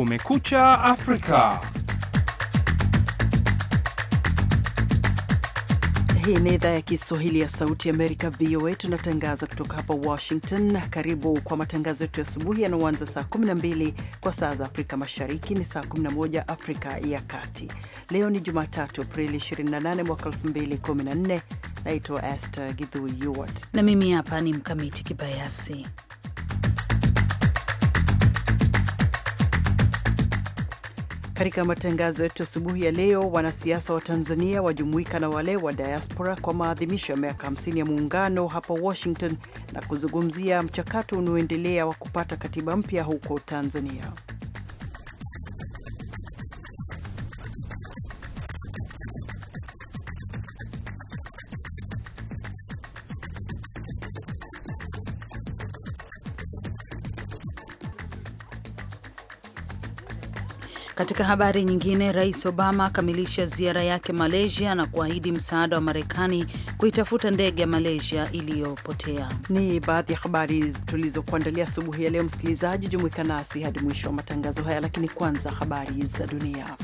Kumekucha Afrika. Hii ni idhaa ya Kiswahili ya Sauti ya Amerika, VOA. Tunatangaza kutoka hapa Washington. Karibu kwa matangazo yetu ya asubuhi yanaoanza saa 12 kwa saa za Afrika Mashariki, ni saa 11 Afrika ya Kati. Leo ni Jumatatu, Aprili 28 mwaka 2014. Naitwa Esther Githu Yuwat na mimi hapa ni Mkamiti Kibayasi Katika matangazo yetu asubuhi ya leo, wanasiasa wa Tanzania wajumuika na wale wa diaspora kwa maadhimisho ya miaka 50 ya muungano hapa Washington na kuzungumzia mchakato unaoendelea wa kupata katiba mpya huko Tanzania. Katika habari nyingine, Rais Obama akamilisha ziara yake Malaysia na kuahidi msaada wa Marekani kuitafuta ndege ya Malaysia iliyopotea. Ni baadhi ya habari tulizokuandalia asubuhi ya leo. Msikilizaji, jumuika nasi hadi mwisho wa matangazo haya, lakini kwanza habari za dunia.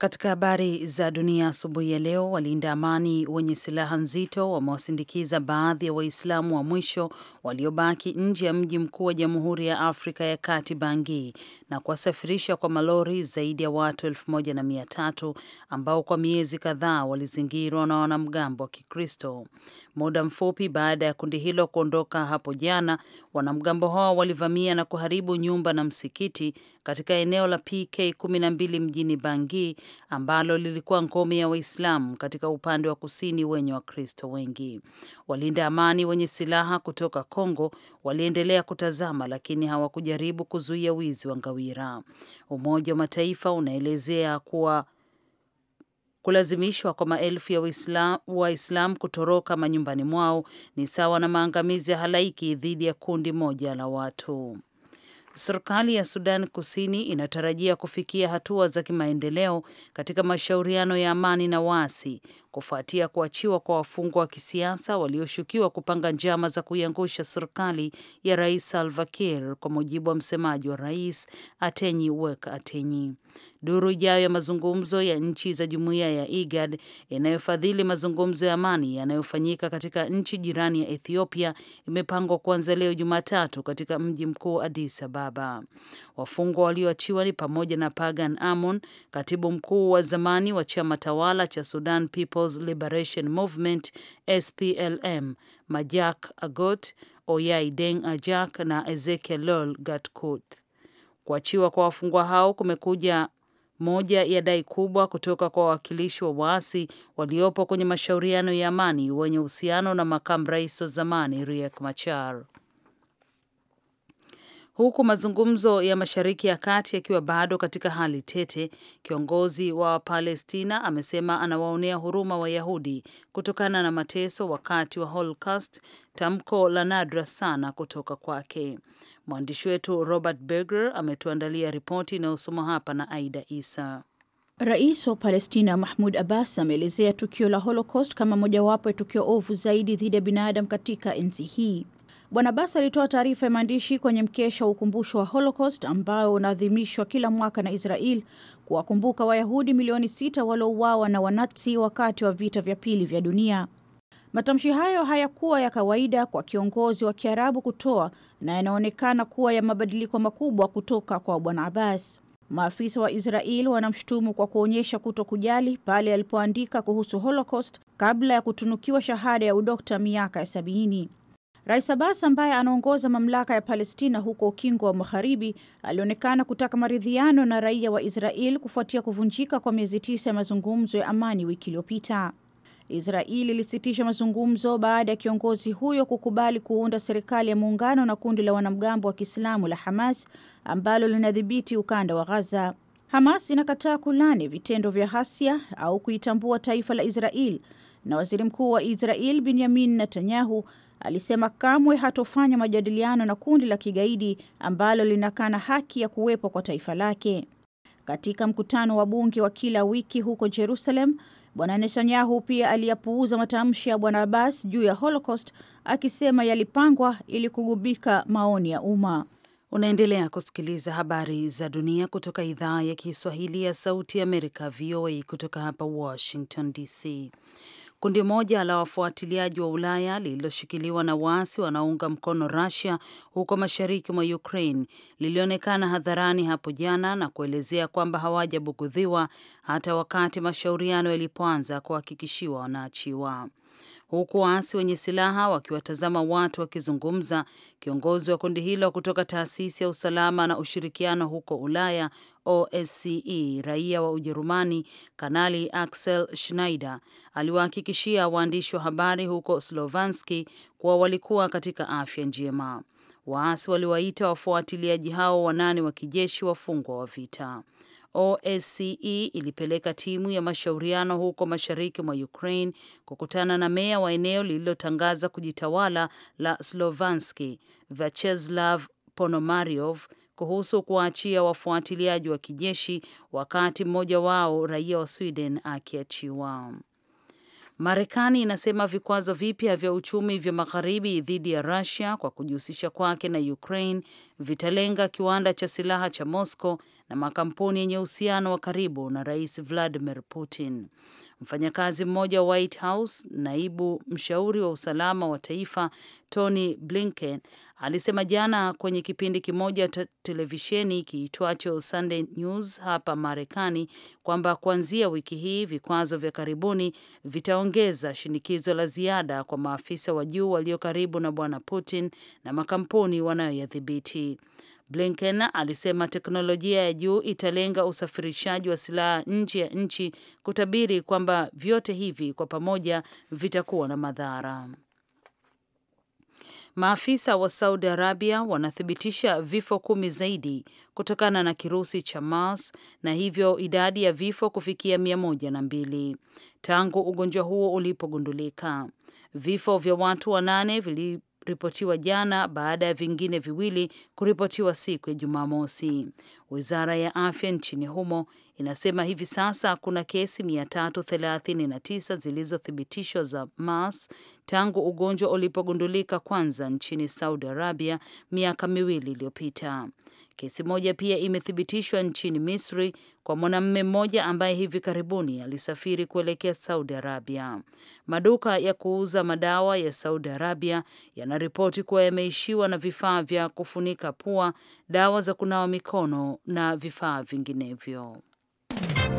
Katika habari za dunia asubuhi ya leo, walinda amani wenye silaha nzito wamewasindikiza baadhi ya Waislamu wa mwisho waliobaki nje ya mji mkuu wa Jamhuri ya Afrika ya Kati, Bangui, na kuwasafirisha kwa malori zaidi ya watu elfu moja na mia tatu ambao kwa miezi kadhaa walizingirwa na wanamgambo wa Kikristo. Muda mfupi baada ya kundi hilo kuondoka hapo jana, wanamgambo hao walivamia na kuharibu nyumba na msikiti katika eneo la PK12 mjini Bangi ambalo lilikuwa ngome ya Waislamu katika upande wa kusini wenye Wakristo wengi. Walinda amani wenye silaha kutoka Kongo waliendelea kutazama, lakini hawakujaribu kuzuia wizi wa ngawira. Umoja wa Mataifa unaelezea kuwa kulazimishwa kwa maelfu ya Waislamu kutoroka manyumbani mwao ni sawa na maangamizi ya halaiki dhidi ya kundi moja la watu. Serikali ya Sudan Kusini inatarajia kufikia hatua za kimaendeleo katika mashauriano ya amani na waasi kufuatia kuachiwa kwa wafungwa wa kisiasa walioshukiwa kupanga njama za kuiangusha serikali ya Rais Salva Kiir, kwa mujibu wa msemaji wa rais Atenyi Wek Atenyi. Duru ijayo ya mazungumzo ya nchi za jumuiya ya IGAD inayofadhili mazungumzo ya amani yanayofanyika katika nchi jirani ya Ethiopia imepangwa kuanza leo Jumatatu katika mji mkuu Addis Ababa. Wafungwa walioachiwa ni pamoja na Pagan Amon, katibu mkuu wa zamani wa chama tawala cha Sudan People People's Liberation Movement SPLM, Majak Agot, oyai deng Ajak na Ezekiel Lol Gatkut. Kuachiwa kwa wafungwa hao kumekuja moja ya dai kubwa kutoka kwa wawakilishi wa waasi waliopo kwenye mashauriano ya amani wenye uhusiano na makamu rais wa zamani Riek Machar. Huku mazungumzo ya Mashariki ya Kati yakiwa bado katika hali tete, kiongozi wa Wapalestina amesema anawaonea huruma Wayahudi kutokana na mateso wakati wa Holocaust, tamko la nadra sana kutoka kwake. Mwandishi wetu Robert Berger ametuandalia ripoti inayosoma hapa na Aida Isa. Rais wa Palestina Mahmud Abbas ameelezea tukio la Holocaust kama mojawapo ya tukio ovu zaidi dhidi ya binadamu katika enzi hii. Bwana Bas alitoa taarifa ya maandishi kwenye mkesha wa ukumbusho wa Holocaust ambao unaadhimishwa kila mwaka na Israel kuwakumbuka Wayahudi milioni sita waliouawa na Wanazi wakati wa vita vya pili vya dunia. Matamshi hayo hayakuwa ya kawaida kwa kiongozi wa Kiarabu kutoa na yanaonekana kuwa ya mabadiliko makubwa kutoka kwa Bwana Abbas. Maafisa wa Israel wanamshutumu kwa kuonyesha kuto kujali pale alipoandika kuhusu Holocaust kabla ya kutunukiwa shahada ya udokta miaka ya sabini. Rais Abbas ambaye anaongoza mamlaka ya Palestina huko Ukingo wa Magharibi alionekana kutaka maridhiano na raia wa Israel kufuatia kuvunjika kwa miezi tisa ya mazungumzo ya amani wiki iliyopita. Israel ilisitisha mazungumzo baada ya kiongozi huyo kukubali kuunda serikali ya muungano na kundi la wanamgambo wa Kiislamu la Hamas ambalo linadhibiti ukanda wa Gaza. Hamas inakataa kulani vitendo vya ghasia au kuitambua taifa la Israel, na waziri mkuu wa Israel Benyamin Netanyahu alisema kamwe hatofanya majadiliano na kundi la kigaidi ambalo linakana haki ya kuwepo kwa taifa lake. Katika mkutano wa bunge wa kila wiki huko Jerusalem, Bwana Netanyahu pia aliyapuuza matamshi ya Bwana Abbas juu ya Holocaust akisema yalipangwa ili kugubika maoni ya umma. Unaendelea kusikiliza habari za dunia kutoka idhaa ya Kiswahili ya Sauti ya Amerika, VOA, kutoka hapa Washington DC. Kundi moja la wafuatiliaji wa Ulaya lililoshikiliwa na waasi wanaounga mkono Russia huko mashariki mwa Ukraine lilionekana hadharani hapo jana na kuelezea kwamba hawajabugudhiwa hata wakati mashauriano yalipoanza kuhakikishiwa wanaachiwa huku waasi wenye silaha wakiwatazama watu wakizungumza. Kiongozi wa kundi hilo kutoka taasisi ya usalama na ushirikiano huko Ulaya OSCE raia wa Ujerumani Kanali Axel Schneider aliwahakikishia waandishi wa habari huko Slovanski kuwa walikuwa katika afya njema. Waasi waliwaita wafuatiliaji hao wanane wa kijeshi wafungwa wa vita. OSCE ilipeleka timu ya mashauriano huko mashariki mwa Ukraine kukutana na meya wa eneo lililotangaza kujitawala la Slovanski Vacheslav ponomariov kuhusu kuwaachia wafuatiliaji wa kijeshi, wakati mmoja wao raia wa Sweden akiachiwa. Marekani inasema vikwazo vipya vya uchumi vya magharibi dhidi ya rusia kwa kujihusisha kwake na Ukraine vitalenga kiwanda cha silaha cha Moscow na makampuni yenye uhusiano wa karibu na Rais Vladimir Putin. Mfanyakazi mmoja wa White House, naibu mshauri wa usalama wa taifa Tony Blinken alisema jana kwenye kipindi kimoja cha televisheni kiitwacho Sunday News hapa Marekani kwamba kuanzia wiki hii vikwazo vya karibuni vitaongeza shinikizo la ziada kwa maafisa wa juu walio karibu na Bwana Putin na makampuni wanayoyadhibiti. Blinken alisema teknolojia ya juu italenga usafirishaji wa silaha nje ya nchi, kutabiri kwamba vyote hivi kwa pamoja vitakuwa na madhara. Maafisa wa Saudi Arabia wanathibitisha vifo kumi zaidi kutokana na kirusi cha MERS na hivyo idadi ya vifo kufikia mia moja na mbili tangu ugonjwa huo ulipogundulika. Vifo vya watu wanane vili kuripotiwa jana baada ya vingine viwili kuripotiwa siku ya Jumamosi. Wizara ya afya nchini humo inasema hivi sasa kuna kesi 339 zilizothibitishwa za MERS tangu ugonjwa ulipogundulika kwanza nchini Saudi Arabia miaka miwili iliyopita. Kesi moja pia imethibitishwa nchini Misri kwa mwanamume mmoja ambaye hivi karibuni alisafiri kuelekea Saudi Arabia. Maduka ya kuuza madawa ya Saudi Arabia yanaripoti kuwa yameishiwa na vifaa vya kufunika pua, dawa za kunawa mikono na vifaa vinginevyo.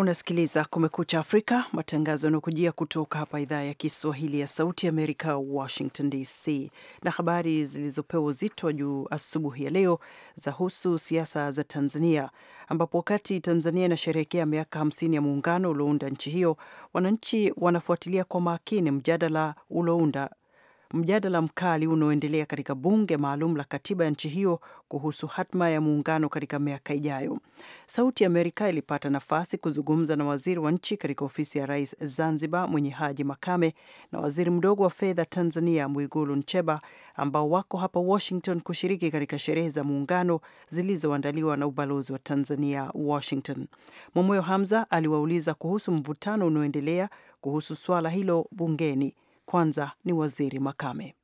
Unasikiliza Kumekucha Afrika, matangazo yanakujia kutoka hapa idhaa ya Kiswahili ya Sauti ya Amerika, Washington DC. Na habari zilizopewa uzito wa juu asubuhi ya leo za husu siasa za Tanzania, ambapo wakati Tanzania inasherehekea miaka 50 ya muungano uliounda nchi hiyo, wananchi wanafuatilia kwa makini mjadala uliounda mjadala mkali unaoendelea katika bunge maalum la katiba ya nchi hiyo kuhusu hatma ya muungano katika miaka ijayo. Sauti ya Amerika ilipata nafasi kuzungumza na waziri wa nchi katika ofisi ya rais Zanzibar, mwenye Haji Makame, na waziri mdogo wa fedha Tanzania, Mwigulu Nchemba, ambao wako hapa Washington kushiriki katika sherehe za muungano zilizoandaliwa na ubalozi wa Tanzania Washington. Mwamoyo Hamza aliwauliza kuhusu mvutano unaoendelea kuhusu swala hilo bungeni. Kwanza ni Waziri Makame.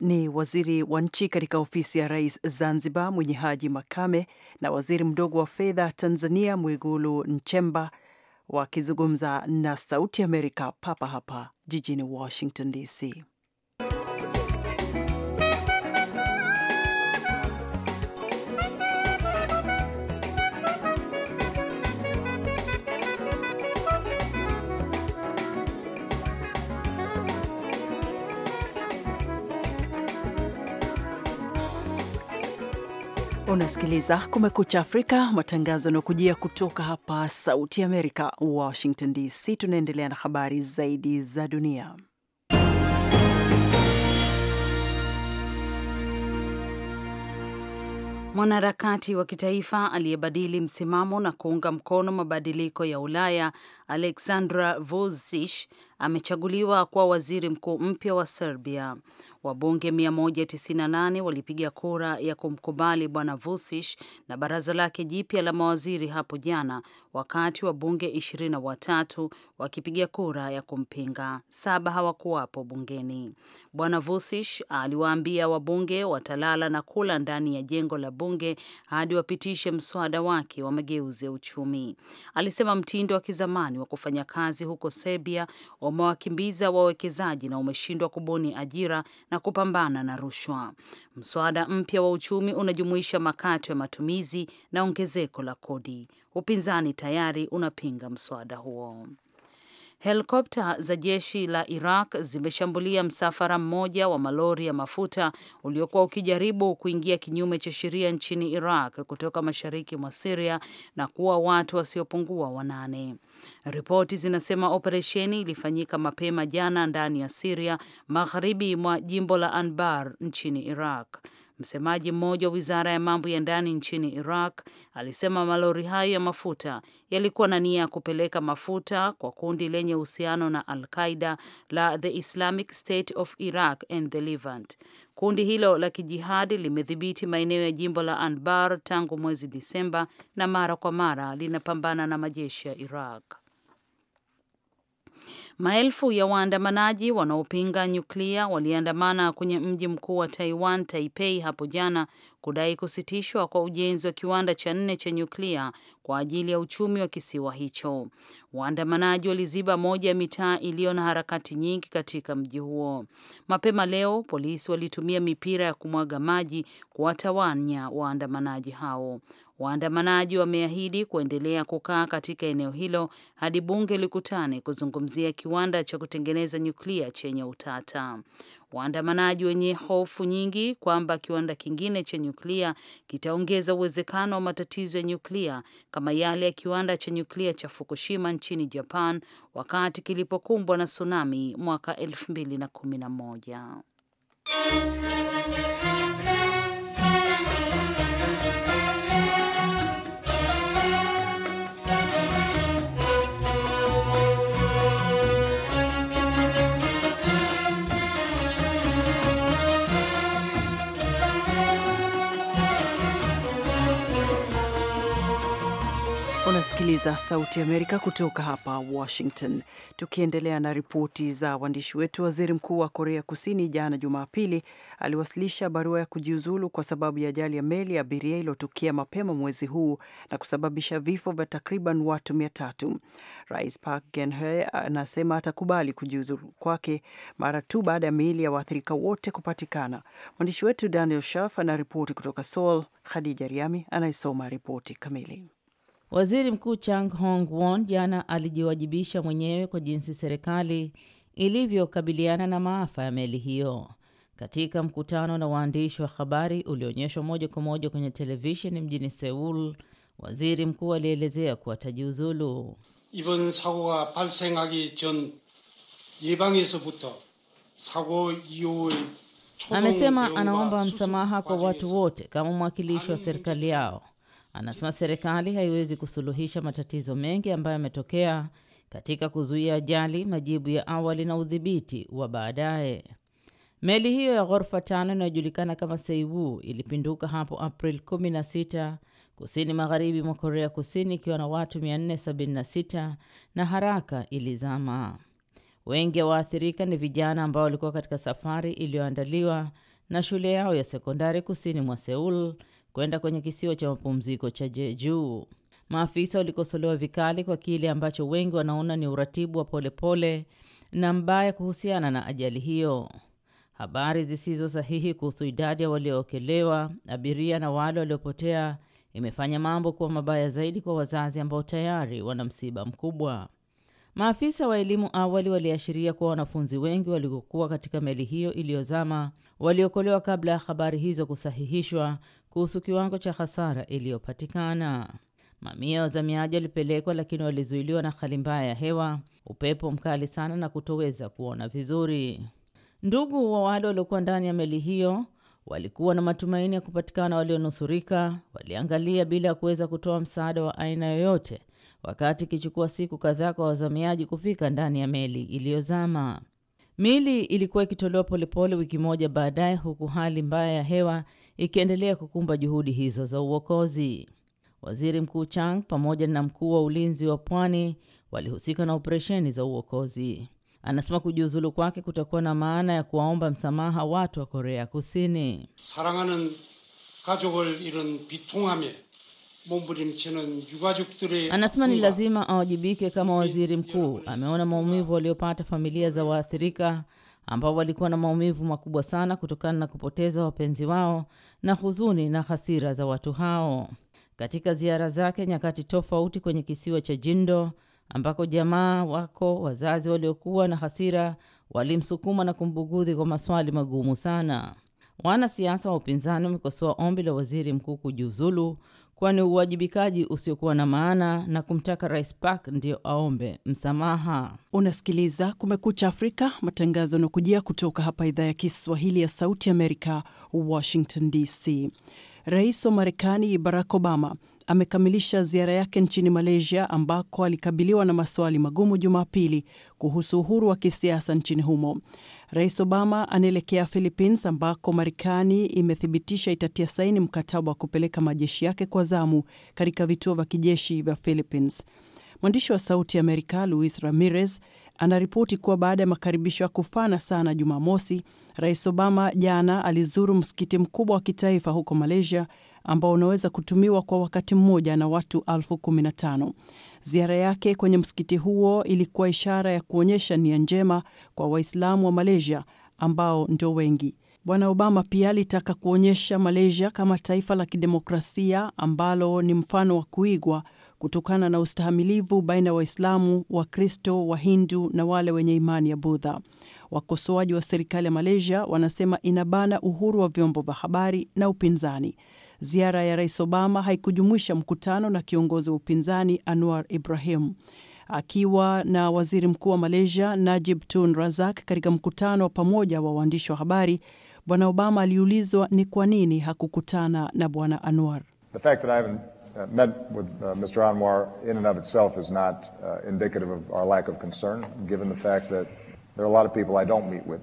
ni waziri wa nchi katika ofisi ya rais Zanzibar mwenye Haji Makame na waziri mdogo wa fedha Tanzania Mwigulu Nchemba wakizungumza na Sauti Amerika papa hapa jijini Washington DC. Unasikiliza Kumekucha Afrika, matangazo yanayokujia kutoka hapa Sauti Amerika, Washington DC. Tunaendelea na habari zaidi za dunia. Mwanaharakati wa kitaifa aliyebadili msimamo na kuunga mkono mabadiliko ya Ulaya, Aleksandra vuzich amechaguliwa kuwa waziri mkuu mpya wa Serbia. Wabunge 198 walipiga kura ya kumkubali Bwana Vusish na baraza lake jipya la mawaziri hapo jana, wakati wabunge 23 wakipiga kura ya kumpinga. Saba hawakuwapo bungeni. Bwana Vusish aliwaambia wabunge watalala na kula ndani ya jengo la bunge hadi wapitishe mswada wake wa mageuzi ya uchumi. Alisema mtindo wa kizamani wa kufanya kazi huko Serbia umewakimbiza wawekezaji na umeshindwa kubuni ajira na na kupambana na rushwa. Mswada mpya wa uchumi unajumuisha makato ya matumizi na ongezeko la kodi. Upinzani tayari unapinga mswada huo. Helikopta za jeshi la Iraq zimeshambulia msafara mmoja wa malori ya mafuta uliokuwa ukijaribu kuingia kinyume cha sheria nchini Iraq kutoka mashariki mwa Siria na kuua watu wasiopungua wanane. Ripoti zinasema operesheni ilifanyika mapema jana ndani ya Siria, magharibi mwa jimbo la Anbar nchini Iraq. Msemaji mmoja wa wizara ya mambo ya ndani nchini Iraq alisema malori hayo ya mafuta yalikuwa na nia ya kupeleka mafuta kwa kundi lenye uhusiano na Al Qaida la The Islamic State of Iraq and the Levant. Kundi hilo la kijihadi limedhibiti maeneo ya jimbo la Anbar tangu mwezi Disemba na mara kwa mara linapambana na majeshi ya Iraq. Maelfu ya waandamanaji wanaopinga nyuklia waliandamana kwenye mji mkuu wa Taiwan, Taipei, hapo jana kudai kusitishwa kwa ujenzi wa kiwanda cha nne cha nyuklia kwa ajili ya uchumi wa kisiwa hicho. Waandamanaji waliziba moja ya mitaa iliyo na harakati nyingi katika mji huo. Mapema leo, polisi walitumia mipira ya kumwaga maji kuwatawanya waandamanaji hao. Waandamanaji wameahidi kuendelea kukaa katika eneo hilo hadi bunge likutane kuzungumzia kiwanda cha kutengeneza nyuklia chenye utata. Waandamanaji wenye hofu nyingi kwamba kiwanda kingine cha nyuklia kitaongeza uwezekano wa matatizo ya nyuklia kama yale ya kiwanda cha nyuklia cha Fukushima nchini Japan wakati kilipokumbwa na tsunami mwaka 2011. Unasikiliza Sauti Amerika kutoka hapa Washington. Tukiendelea na ripoti za waandishi wetu, waziri mkuu wa Korea Kusini jana Jumapili aliwasilisha barua ya kujiuzulu kwa sababu ya ajali ya meli ya abiria iliyotukia mapema mwezi huu na kusababisha vifo vya takriban watu mia tatu. Rais Park genhe anasema atakubali kujiuzulu kwake mara tu baada ya miili ya waathirika wote kupatikana. Mwandishi wetu Daniel Shaf anaripoti kutoka Seoul. Khadija Riami anayesoma ripoti kamili. Waziri Mkuu Chang Hong Won jana alijiwajibisha mwenyewe kwa jinsi serikali ilivyokabiliana na maafa ya meli hiyo. Katika mkutano na waandishi wa habari ulioonyeshwa moja kwa moja kwenye televisheni mjini Seul, waziri mkuu alielezea kuwa tajiuzulu. 이번 사고가 balsengagi 전 예방에서부터 sago iyoe, Amesema anaomba msamaha kwa watu wote kama mwakilishi wa serikali yao Anasema serikali haiwezi kusuluhisha matatizo mengi ambayo yametokea katika kuzuia ajali, majibu ya awali na udhibiti wa baadaye. Meli hiyo ya ghorofa tano inayojulikana kama Seiwu ilipinduka hapo April 16 kusini magharibi mwa Korea Kusini ikiwa na watu 476 na haraka ilizama. Wengi waathirika ni vijana ambao walikuwa katika safari iliyoandaliwa na shule yao ya sekondari kusini mwa Seul kwenda kwenye kisiwa cha mapumziko cha Jeju. Maafisa walikosolewa vikali kwa kile ambacho wengi wanaona ni uratibu wa polepole pole na mbaya kuhusiana na ajali hiyo. Habari zisizo sahihi kuhusu idadi ya waliookelewa, abiria na wale waliopotea imefanya mambo kuwa mabaya zaidi kwa wazazi ambao tayari wana msiba mkubwa. Maafisa wa elimu awali waliashiria kuwa wanafunzi wengi waliokuwa katika meli hiyo iliyozama waliokolewa kabla ya habari hizo kusahihishwa kuhusu kiwango cha hasara iliyopatikana. Mamia ya wazamiaji walipelekwa, lakini walizuiliwa na hali mbaya ya hewa, upepo mkali sana na kutoweza kuona vizuri. Ndugu wa wale waliokuwa ndani ya meli hiyo walikuwa na matumaini ya kupatikana walionusurika, waliangalia bila ya kuweza kutoa msaada wa aina yoyote wakati ikichukua siku kadhaa kwa wazamiaji kufika ndani ya meli iliyozama. Mili ilikuwa ikitolewa polepole wiki moja baadaye, huku hali mbaya ya hewa ikiendelea kukumba juhudi hizo za uokozi. Waziri Mkuu Chang pamoja na mkuu wa ulinzi wa pwani walihusika na operesheni za uokozi. Anasema kujiuzulu kwake kutakuwa na maana ya kuwaomba msamaha watu wa Korea Kusini. Anasema ni lazima awajibike kama waziri mkuu. Ameona maumivu waliopata familia za waathirika ambao walikuwa na maumivu makubwa sana kutokana na kupoteza wapenzi wao na huzuni na hasira za watu hao. Katika ziara zake nyakati tofauti kwenye kisiwa cha Jindo ambako jamaa wako wazazi waliokuwa na hasira walimsukuma na kumbugudhi kwa maswali magumu sana. Wanasiasa wa upinzani wamekosoa ombi la waziri mkuu kujiuzulu kwani uwajibikaji usiokuwa na maana na kumtaka Rais Park ndio aombe msamaha. Unasikiliza Kumekucha Afrika, matangazo yanakujia kutoka hapa idhaa ya Kiswahili ya Sauti Amerika, Washington DC. Rais wa Marekani Barack Obama amekamilisha ziara yake nchini Malaysia ambako alikabiliwa na maswali magumu Jumapili kuhusu uhuru wa kisiasa nchini humo. Rais Obama anaelekea Philippines ambako Marekani imethibitisha itatia saini mkataba wa kupeleka majeshi yake kwa zamu katika vituo vya kijeshi vya Philippines. Mwandishi wa Sauti ya Amerika Luis Ramirez anaripoti kuwa baada ya makaribisho ya kufana sana Jumamosi, Rais Obama jana alizuru msikiti mkubwa wa kitaifa huko Malaysia ambao unaweza kutumiwa kwa wakati mmoja na watu elfu kumi na tano. Ziara yake kwenye msikiti huo ilikuwa ishara ya kuonyesha nia njema kwa Waislamu wa Malaysia ambao ndio wengi. Bwana Obama pia alitaka kuonyesha Malaysia kama taifa la kidemokrasia ambalo ni mfano wa kuigwa kutokana na ustahamilivu baina ya wa Waislamu, Wakristo, Wahindu na wale wenye imani ya Budha. Wakosoaji wa serikali ya Malaysia wanasema inabana uhuru wa vyombo vya habari na upinzani. Ziara ya Rais Obama haikujumuisha mkutano na kiongozi wa upinzani Anwar Ibrahim. Akiwa na waziri mkuu wa Malaysia Najib Tun Razak katika mkutano wa pamoja wa waandishi wa habari, Bwana Obama aliulizwa ni kwa nini hakukutana na Bwana Anwar. The fact that I haven't uh, met with uh, Mr. Anwar in and of itself is not uh, indicative of our lack of concern given the fact that there are a lot of people I don't meet with.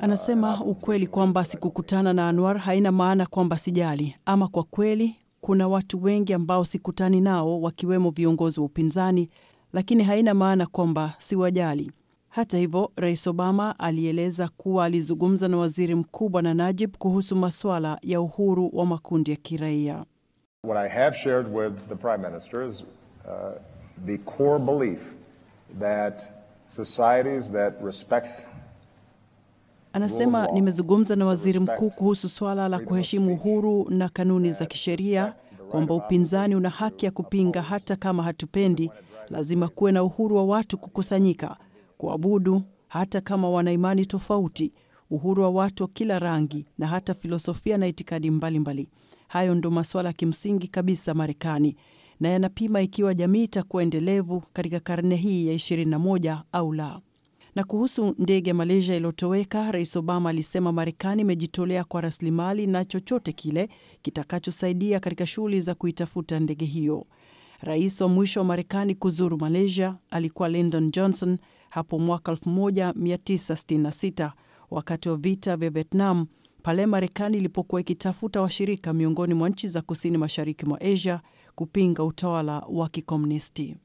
Anasema ukweli kwamba sikukutana na Anwar haina maana kwamba sijali, ama kwa kweli kuna watu wengi ambao sikutani nao, wakiwemo viongozi wa upinzani, lakini haina maana kwamba siwajali. Hata hivyo, Rais Obama alieleza kuwa alizungumza na waziri mkuu Bwana Najib kuhusu masuala ya uhuru wa makundi ya kiraia. What I have shared with the Prime Minister is, uh, the core belief that societies that respect Anasema, nimezungumza na waziri mkuu kuhusu swala la kuheshimu uhuru na kanuni za kisheria, kwamba upinzani una haki ya kupinga hata kama hatupendi. Lazima kuwe na uhuru wa watu kukusanyika, kuabudu, hata kama wana imani tofauti, uhuru wa watu wa kila rangi na hata filosofia na itikadi mbalimbali mbali. Hayo ndo masuala ya kimsingi kabisa Marekani na yanapima ikiwa jamii itakuwa endelevu katika karne hii ya 21 au la. Na kuhusu ndege ya Malaysia iliyotoweka, Rais Obama alisema Marekani imejitolea kwa rasilimali na chochote kile kitakachosaidia katika shughuli za kuitafuta ndege hiyo. Rais wa mwisho wa Marekani kuzuru Malaysia alikuwa Lyndon Johnson hapo mwaka 1966 wakati wa vita vya Vietnam, pale Marekani ilipokuwa ikitafuta washirika miongoni mwa nchi za kusini mashariki mwa Asia kupinga utawala wa kikomunisti.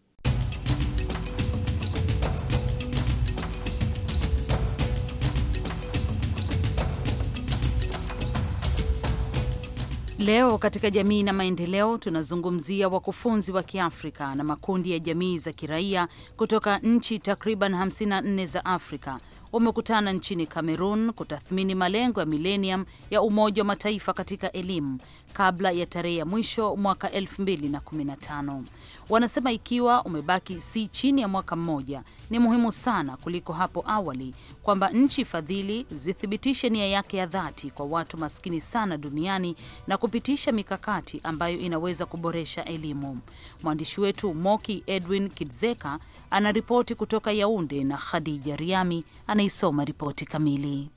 Leo katika jamii na maendeleo tunazungumzia wakufunzi wa Kiafrika na makundi ya jamii za kiraia kutoka nchi takriban 54 za Afrika wamekutana nchini Cameroon kutathmini malengo ya milenium ya Umoja wa Mataifa katika elimu kabla ya tarehe ya mwisho mwaka 2015. Wanasema ikiwa umebaki si chini ya mwaka mmoja, ni muhimu sana kuliko hapo awali kwamba nchi fadhili zithibitishe nia yake ya dhati kwa watu maskini sana duniani na kupitisha mikakati ambayo inaweza kuboresha elimu. Mwandishi wetu Moki Edwin Kidzeka anaripoti kutoka Yaunde na Khadija Riami anaisoma ripoti kamili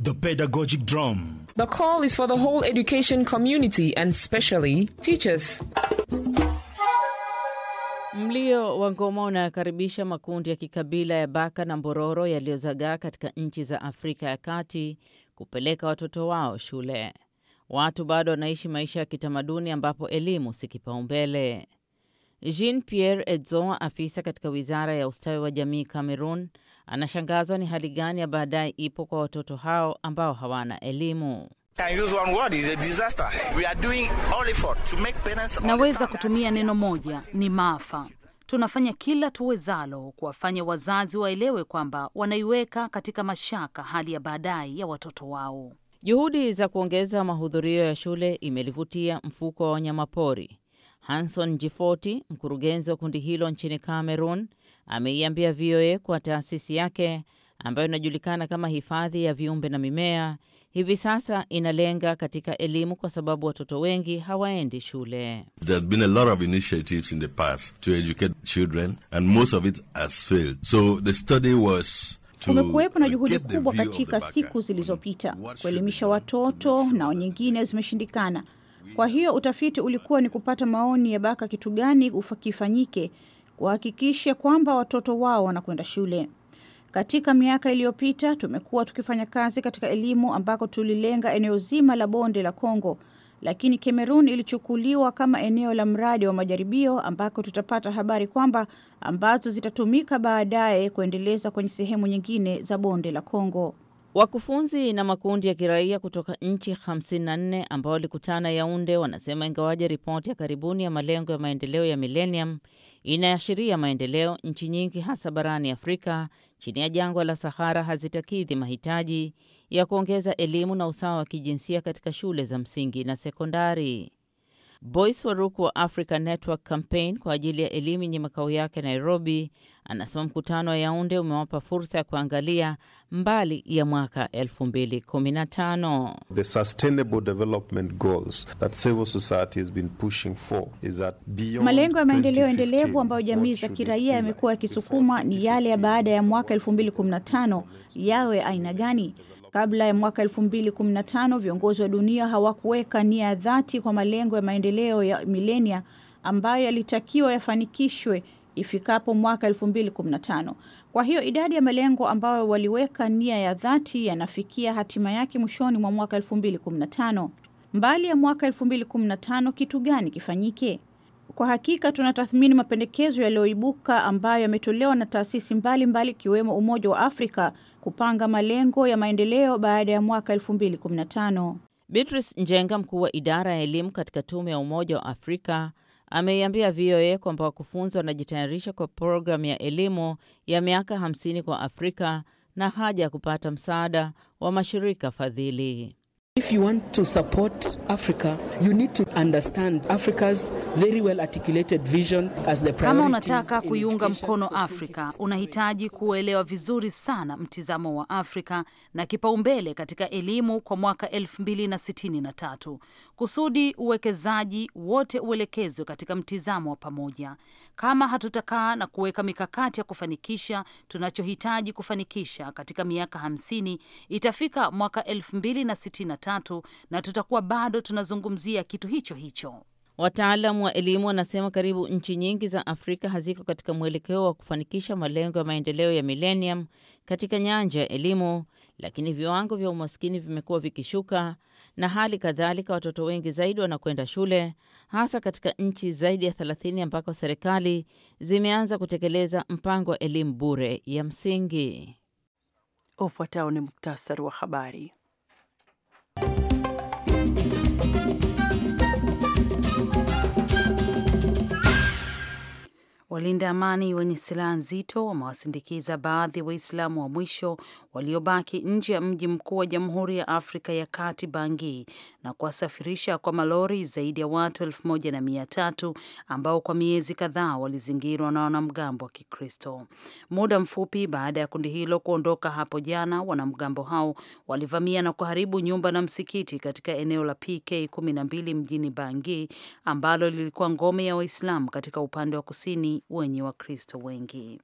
the pedagogic drum. The call is for the whole education community and especially teachers. Mlio wa ngoma unayakaribisha makundi ya kikabila ya Baka na Mbororo yaliyozagaa katika nchi za Afrika ya Kati kupeleka watoto wao shule. Watu bado wanaishi maisha ya kitamaduni ambapo elimu si kipaumbele. Jean Pierre Edzon, afisa katika wizara ya ustawi wa jamii Cameroon, anashangazwa ni hali gani ya baadaye ipo kwa watoto hao ambao hawana elimu. Naweza kutumia neno moja, ni maafa. Tunafanya kila tuwezalo kuwafanya wazazi waelewe kwamba wanaiweka katika mashaka hali ya baadaye ya watoto wao. Juhudi za kuongeza mahudhurio ya shule imelivutia mfuko wa wanyamapori Hanson Jifoti, mkurugenzi wa kundi hilo nchini Cameroon, ameiambia VOA kwa taasisi yake ambayo inajulikana kama hifadhi ya viumbe na mimea hivi sasa inalenga katika elimu kwa sababu watoto wengi hawaendi shule. Kumekuwepo na juhudi kubwa katika siku zilizopita kuelimisha watoto na nyingine zimeshindikana. Kwa hiyo utafiti ulikuwa ni kupata maoni ya baka kitu gani kifanyike kuhakikisha kwamba watoto wao wanakwenda shule. Katika miaka iliyopita tumekuwa tukifanya kazi katika elimu ambako tulilenga eneo zima la bonde la Kongo, lakini cameron ilichukuliwa kama eneo la mradi wa majaribio ambako tutapata habari kwamba ambazo zitatumika baadaye kuendeleza kwenye sehemu nyingine za bonde la Kongo. Wakufunzi na makundi ya kiraia kutoka nchi 54 ambao walikutana Yaunde wanasema ingawaje ripoti ya karibuni ya malengo ya maendeleo ya millennium inaashiria maendeleo, nchi nyingi hasa barani Afrika chini ya jangwa la Sahara hazitakidhi mahitaji ya kuongeza elimu na usawa wa kijinsia katika shule za msingi na sekondari. Boyce Waruku wa Africa Network Campaign kwa ajili ya elimu yenye makao yake Nairobi anasema mkutano wa Yaunde umewapa fursa ya kuangalia mbali ya mwaka 2015. The sustainable development goals that civil society has been pushing for is that beyond malengo ya maendeleo endelevu ambayo jamii za kiraia yamekuwa yakisukuma ni yale ya baada ya mwaka 2015 yawe aina gani? Kabla ya mwaka 2015 viongozi wa dunia hawakuweka nia ya dhati kwa malengo ya maendeleo ya milenia ambayo yalitakiwa yafanikishwe ifikapo mwaka 2015. Kwa hiyo idadi ya malengo ambayo waliweka nia ya dhati yanafikia hatima yake mwishoni mwa mwaka 2015. Mbali ya mwaka 2015, kitu gani kifanyike? Kwa hakika tunatathmini mapendekezo yaliyoibuka ambayo yametolewa na taasisi mbalimbali ikiwemo Umoja wa Afrika kupanga malengo ya maendeleo baada ya mwaka 2015. Beatrice Njenga, mkuu wa idara ya elimu katika Tume ya Umoja wa Afrika, ameiambia VOA kwamba wakufunzi wanajitayarisha kwa programu ya elimu ya miaka 50 kwa Afrika na haja ya kupata msaada wa mashirika fadhili. If you want to support Africa, you need to understand Africa's very well articulated vision as the priorities. Kama unataka kuiunga mkono Afrika, unahitaji kuelewa vizuri sana mtizamo wa Afrika na kipaumbele katika elimu kwa mwaka 2063 kusudi uwekezaji wote uelekezwe katika mtizamo wa pamoja. Kama hatutakaa na kuweka mikakati ya kufanikisha tunachohitaji kufanikisha katika miaka 50, itafika mwaka 2063 Jumatatu na tutakuwa bado tunazungumzia kitu hicho hicho. Wataalam wa elimu wanasema karibu nchi nyingi za Afrika haziko katika mwelekeo wa kufanikisha malengo ya maendeleo ya milenium katika nyanja ya elimu, lakini viwango vya umaskini vimekuwa vikishuka na hali kadhalika, watoto wengi zaidi wanakwenda shule, hasa katika nchi zaidi ya 30 ambako serikali zimeanza kutekeleza mpango wa elimu bure ya msingi. Ufuatao ni muktasari wa habari. Walinda amani wenye silaha nzito wamewasindikiza baadhi ya wa Waislamu wa mwisho waliobaki nje ya mji mkuu wa Jamhuri ya Afrika ya Kati, Bangi, na kuwasafirisha kwa malori zaidi ya watu elfu moja na mia tatu ambao kwa miezi kadhaa walizingirwa na wanamgambo wa Kikristo. Muda mfupi baada ya kundi hilo kuondoka hapo jana, wanamgambo hao walivamia na kuharibu nyumba na msikiti katika eneo la PK 12 mjini Bangi ambalo lilikuwa ngome ya Waislamu katika upande wa kusini wenye Wakristo wengi.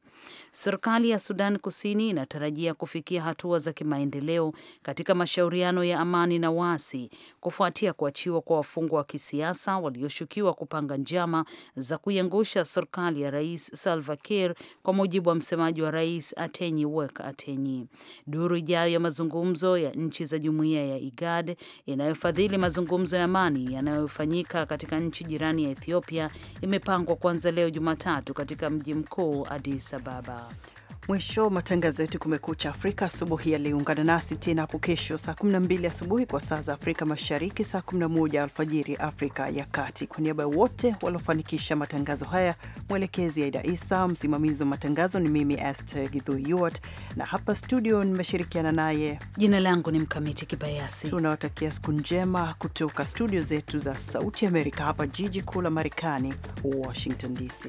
Serikali ya Sudan Kusini inatarajia kufikia hatua za kimaendeleo katika mashauriano ya amani na waasi kufuatia kuachiwa kwa wafungwa wa kisiasa walioshukiwa kupanga njama za kuiangusha serikali ya Rais Salva Kiir, kwa mujibu wa msemaji wa rais Atenyi Wek Atenyi. Duru ijayo ya mazungumzo ya nchi za jumuiya ya IGAD inayofadhili mazungumzo ya amani yanayofanyika katika nchi jirani ya Ethiopia imepangwa kuanza leo Jumatatu katika mji mkuu Addis Ababa. Mwisho matangazo yetu Kumekucha Afrika asubuhi yaliyoungana nasi tena hapo kesho saa 12 asubuhi kwa saa za Afrika Mashariki, saa 11 alfajiri Afrika ya Kati. Kwa niaba ya wote waliofanikisha matangazo haya, mwelekezi Aida Isa, msimamizi wa matangazo ni mimi Esther Githuiyot, na hapa studio nimeshirikiana naye, jina langu ni Mkamiti Kibayasi. Tunawatakia siku njema kutoka studio zetu za Sauti Amerika hapa jiji kuu la Marekani, Washington DC.